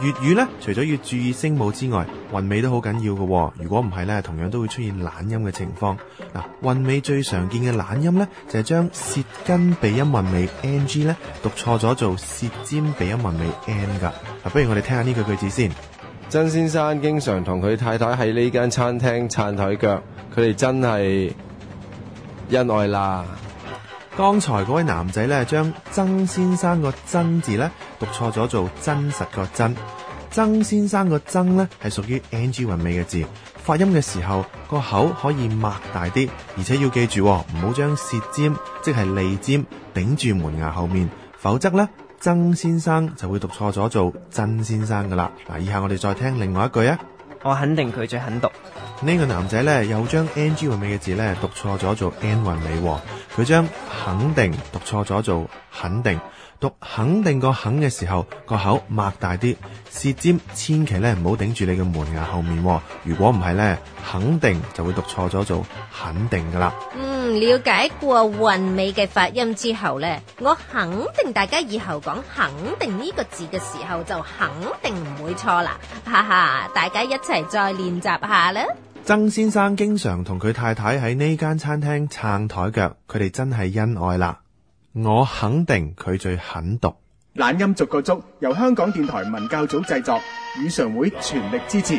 粵語咧，除咗要注意聲母之外，韻尾都好緊要嘅、喎。如果唔係咧，同樣都會出現懶音嘅情況。嗱、啊，韻尾最常見嘅懶音咧，就係、是、將舌根鼻音韻尾 ng 咧讀錯咗做舌尖鼻音韻尾 n 㗎。嗱、啊，不如我哋聽下呢句句子先。曾先生經常同佢太太喺呢間餐廳撐枱腳，佢哋真係恩愛啦。剛才嗰位男仔咧，將曾先生個曾字咧讀錯咗做真實個真。曾先生個曾咧係屬於 ng 韻尾嘅字，發音嘅時候個口可以擘大啲，而且要記住喎，唔好將舌尖即係脷尖頂住門牙後面，否則咧，曾先生就會讀錯咗做曾先生噶啦。嗱，以下我哋再聽另外一句啊。我肯定佢最肯讀。呢個男仔呢，有將 ng 韻尾嘅字呢讀錯咗做 n 韻尾。佢將肯定讀錯咗做肯定，讀肯定個肯嘅時候個口擘大啲，舌尖千祈咧唔好頂住你嘅門牙後面。如果唔係呢，肯定就會讀錯咗做肯定噶啦。嗯，了解過韻尾嘅發音之後呢，我肯定大家以後講肯定呢個字嘅時候就肯定唔會錯啦。哈哈，大家一齊再練習下啦。曾先生經常同佢太太喺呢間餐廳撐台腳，佢哋真係恩愛啦。我肯定佢最狠毒。懶音逐個捉，由香港電台文教組製作，語常會全力支持。